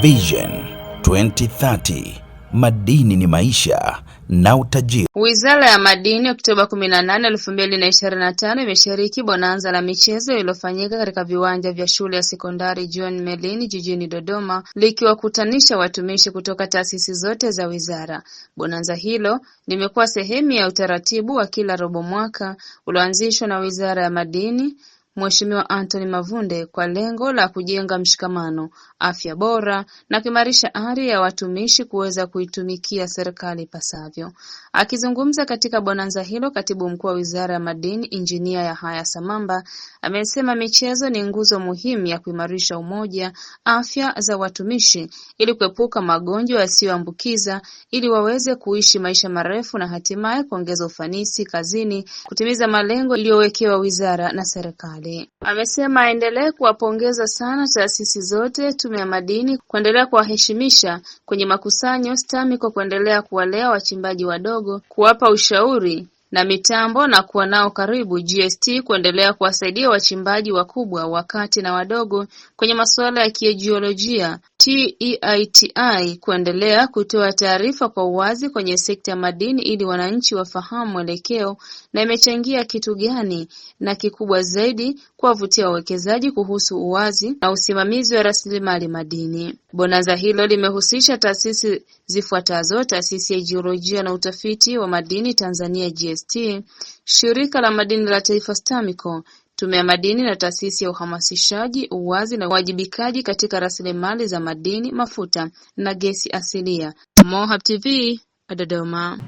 Vision 2030 madini ni maisha na utajiri. Wizara ya Madini Oktoba 18, 2025 imeshiriki bonanza la michezo iliyofanyika katika viwanja vya shule ya sekondari John Merlin jijini Dodoma, likiwakutanisha watumishi kutoka taasisi zote za wizara. Bonanza hilo limekuwa sehemu ya utaratibu wa kila robo mwaka ulioanzishwa na Wizara ya Madini Mheshimiwa Anthony Mavunde kwa lengo la kujenga mshikamano, afya bora na kuimarisha ari ya watumishi kuweza kuitumikia serikali ipasavyo. Akizungumza katika bonanza hilo, Katibu Mkuu wa Wizara ya Madini, Injinia Yahaya Samamba amesema michezo ni nguzo muhimu ya kuimarisha umoja, afya za watumishi ili kuepuka magonjwa yasiyoambukiza ili waweze kuishi maisha marefu na hatimaye kuongeza ufanisi kazini, kutimiza malengo iliyowekewa wizara na serikali. Amesema aendelee kuwapongeza sana taasisi zote, Tume ya Madini kuendelea kuwaheshimisha kwenye makusanyo, STAMI kwa kuendelea kuwalea wachimbaji wadogo, kuwapa ushauri na mitambo na kuwa nao karibu, GST kuendelea kuwasaidia wachimbaji wakubwa, wakati na wadogo kwenye masuala ya kijiolojia TEITI kuendelea kutoa taarifa kwa uwazi kwenye sekta ya madini ili wananchi wafahamu mwelekeo na imechangia kitu gani na kikubwa zaidi kuwavutia wawekezaji kuhusu uwazi na usimamizi wa rasilimali madini. Bonanza hilo limehusisha taasisi zifuatazo: Taasisi ya Jiolojia na Utafiti wa Madini Tanzania GST, Shirika la Madini la Taifa STAMICO, Tume ya Madini na Taasisi ya Uhamasishaji Uwazi na Uwajibikaji katika Rasilimali za Madini, Mafuta na Gesi Asilia. Mohab TV, Dodoma.